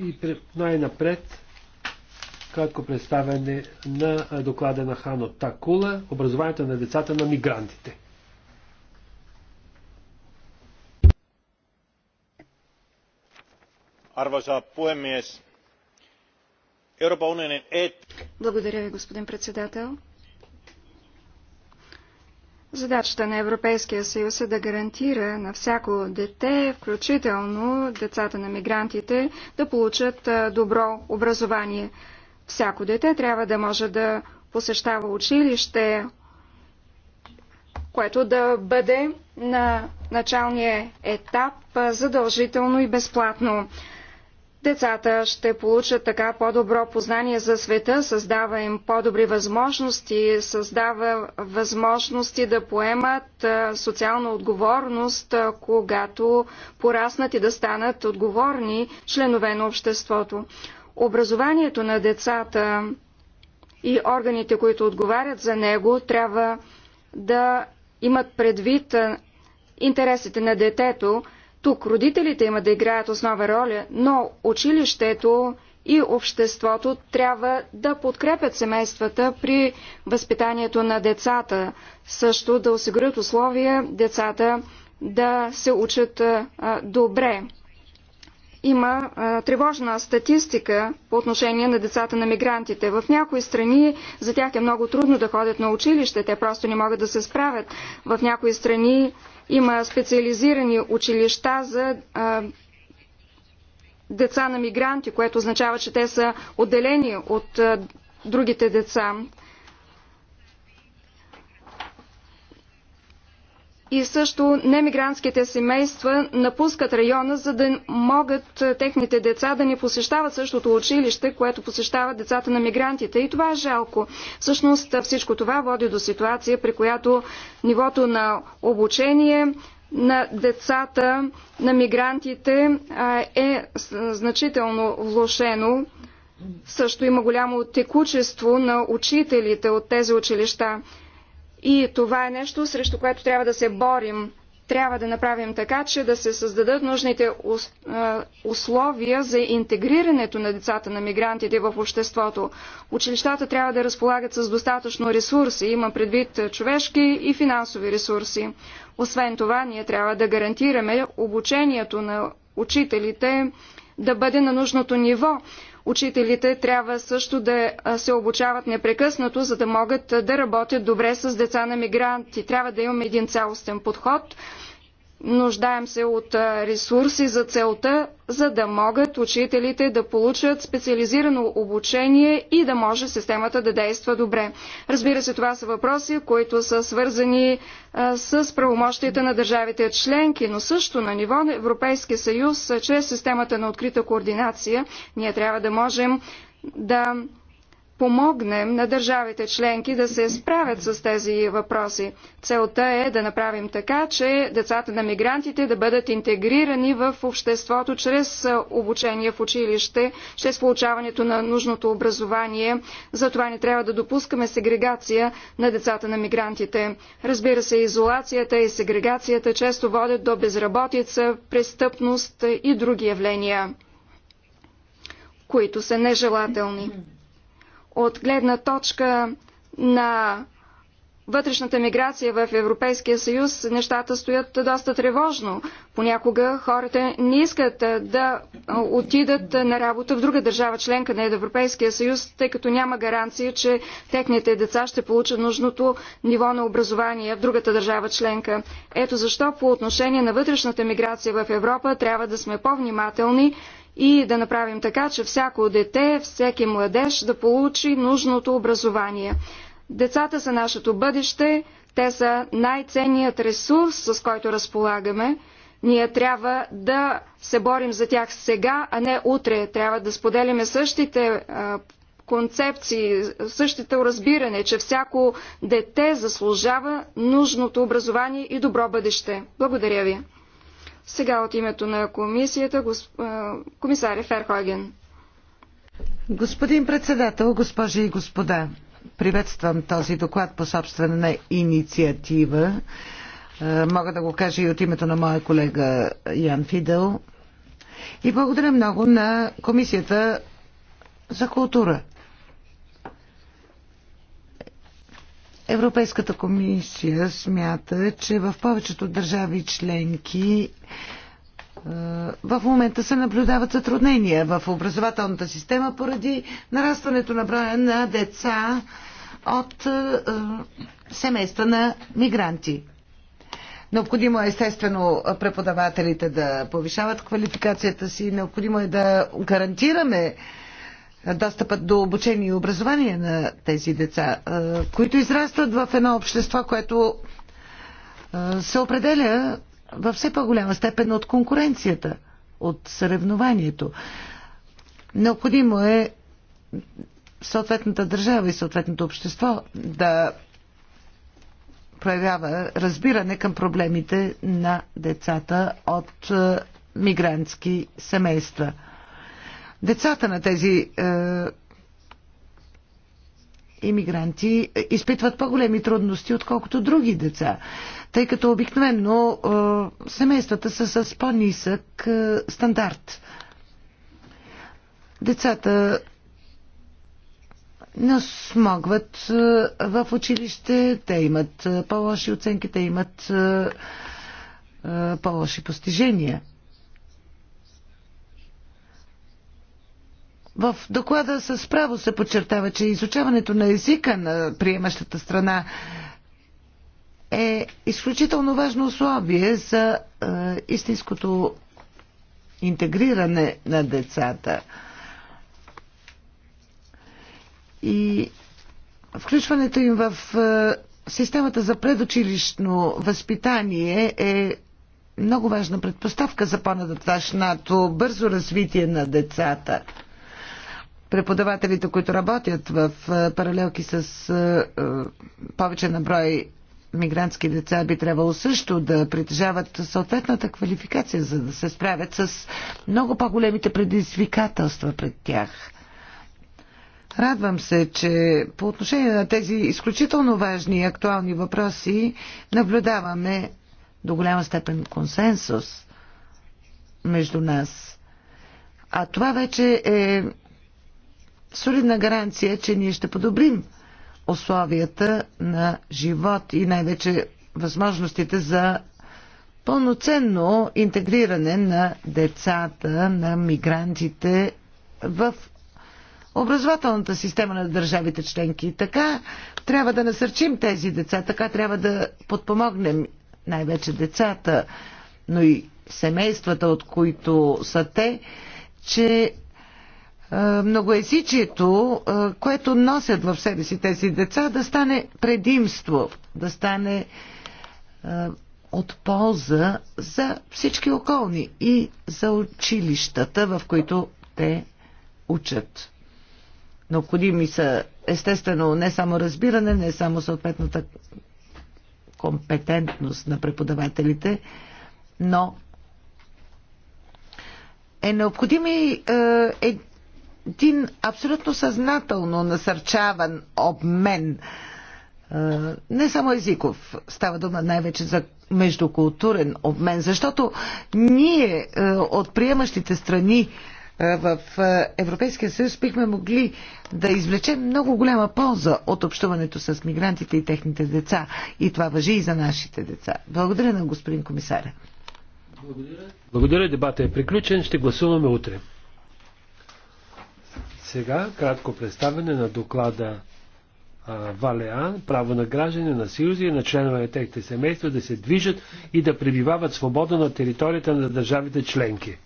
И най-напред кратко представяне на доклада на Хано Такула Образованието на децата на мигрантите. Благодаря ви, господин председател. Задачата на Европейския съюз е да гарантира на всяко дете, включително децата на мигрантите, да получат добро образование. Всяко дете трябва да може да посещава училище, което да бъде на началния етап задължително и безплатно. Децата ще получат така по-добро познание за света, създава им по-добри възможности, създава възможности да поемат социална отговорност, когато пораснат и да станат отговорни членове на обществото. Образованието на децата и органите, които отговарят за него, трябва да имат предвид интересите на детето, тук родителите имат да играят основа роля, но училището и обществото трябва да подкрепят семействата при възпитанието на децата, също да осигурят условия децата да се учат добре има а, тревожна статистика по отношение на децата на мигрантите. В някои страни за тях е много трудно да ходят на училище, те просто не могат да се справят. В някои страни има специализирани училища за а, деца на мигранти, което означава, че те са отделени от а, другите деца. и също немигрантските семейства напускат района, за да могат е, техните деца да не посещават същото училище, което посещават децата на мигрантите. И това е жалко. Всъщност е, всичко това води до ситуация, при която нивото на обучение на децата на мигрантите е, е значително влошено. Също има голямо текучество на учителите от тези училища. И това е нещо, срещу което трябва да се борим. Трябва да направим така, че да се създадат нужните условия за интегрирането на децата на мигрантите в обществото. Училищата трябва да разполагат с достатъчно ресурси, има предвид човешки и финансови ресурси. Освен това, ние трябва да гарантираме обучението на учителите да бъде на нужното ниво. Учителите трябва също да се обучават непрекъснато, за да могат да работят добре с деца на мигранти. Трябва да имаме един цялостен подход Нуждаем се от ресурси за целта, за да могат учителите да получат специализирано обучение и да може системата да действа добре. Разбира се, това са въпроси, които са свързани а, с правомощията на държавите членки, но също на ниво на Европейския съюз, чрез системата на открита координация, ние трябва да можем да помогнем на държавите членки да се справят с тези въпроси. Целта е да направим така, че децата на мигрантите да бъдат интегрирани в обществото чрез обучение в училище, чрез получаването на нужното образование. Затова не трябва да допускаме сегрегация на децата на мигрантите. Разбира се, изолацията и сегрегацията често водят до безработица, престъпност и други явления, които са нежелателни от гледна точка на вътрешната миграция в Европейския съюз нещата стоят доста тревожно. Понякога хората не искат да отидат на работа в друга държава, членка на Европейския съюз, тъй като няма гаранция, че техните деца ще получат нужното ниво на образование в другата държава членка. Ето защо по отношение на вътрешната миграция в Европа трябва да сме по-внимателни и да направим така, че всяко дете, всеки младеж да получи нужното образование. Децата са нашето бъдеще, те са най-ценният ресурс, с който разполагаме. Ние трябва да се борим за тях сега, а не утре. Трябва да споделяме същите концепции, същите разбиране, че всяко дете заслужава нужното образование и добро бъдеще. Благодаря ви. Сега от името на комисията, комисаря Ферхоген. Господин председател, госпожи и господа, приветствам този доклад по собствена инициатива. Мога да го кажа и от името на моя колега Ян Фидел. И благодаря много на Комисията за култура, Европейската комисия смята, че в повечето държави членки е, в момента се наблюдават затруднения в образователната система поради нарастването на броя на деца от е, семейства на мигранти. Необходимо е естествено преподавателите да повишават квалификацията си, необходимо е да гарантираме достъпът до обучение и образование на тези деца, които израстват в едно общество, което се определя във все по-голяма степен от конкуренцията, от съревнованието. Необходимо е съответната държава и съответното общество да проявява разбиране към проблемите на децата от мигрантски семейства. Децата на тези е, иммигранти е, изпитват по-големи трудности, отколкото други деца, тъй като обикновено е, семействата са с по-нисък е, стандарт. Децата не смогват е, в училище, те имат е, по-лоши оценки, те имат по-лоши постижения. В доклада с право се подчертава, че изучаването на езика на приемащата страна е изключително важно условие за е, истинското интегриране на децата. И включването им в е, системата за предучилищно възпитание е много важна предпоставка за по-нататъчното бързо развитие на децата преподавателите, които работят в паралелки с повече на брой мигрантски деца, би трябвало също да притежават съответната квалификация, за да се справят с много по-големите предизвикателства пред тях. Радвам се, че по отношение на тези изключително важни и актуални въпроси наблюдаваме до голяма степен консенсус между нас. А това вече е солидна гаранция, че ние ще подобрим условията на живот и най-вече възможностите за пълноценно интегриране на децата, на мигрантите в образователната система на държавите членки. Така трябва да насърчим тези деца, така трябва да подпомогнем най-вече децата, но и семействата, от които са те, че е, многоязичието, е, което носят в себе си тези деца, да стане предимство, да стане е, от полза за всички околни и за училищата, в които те учат. Необходими са, естествено, не само разбиране, не само съответната компетентност на преподавателите, но е необходим и е, един абсолютно съзнателно насърчаван обмен. Е, не само езиков, става дума най-вече за междукултурен обмен, защото ние е, от приемащите страни е, в Европейския съюз бихме могли да извлечем много голяма полза от общуването с мигрантите и техните деца. И това въжи и за нашите деца. Благодаря на господин комисаря. Благодаря. Благодаря. Дебата е приключен. Ще гласуваме утре. Сега кратко представяне на доклада Валеан, право на граждане на Съюза и на членове на техните семейства да се движат и да пребивават свободно на територията на държавите членки.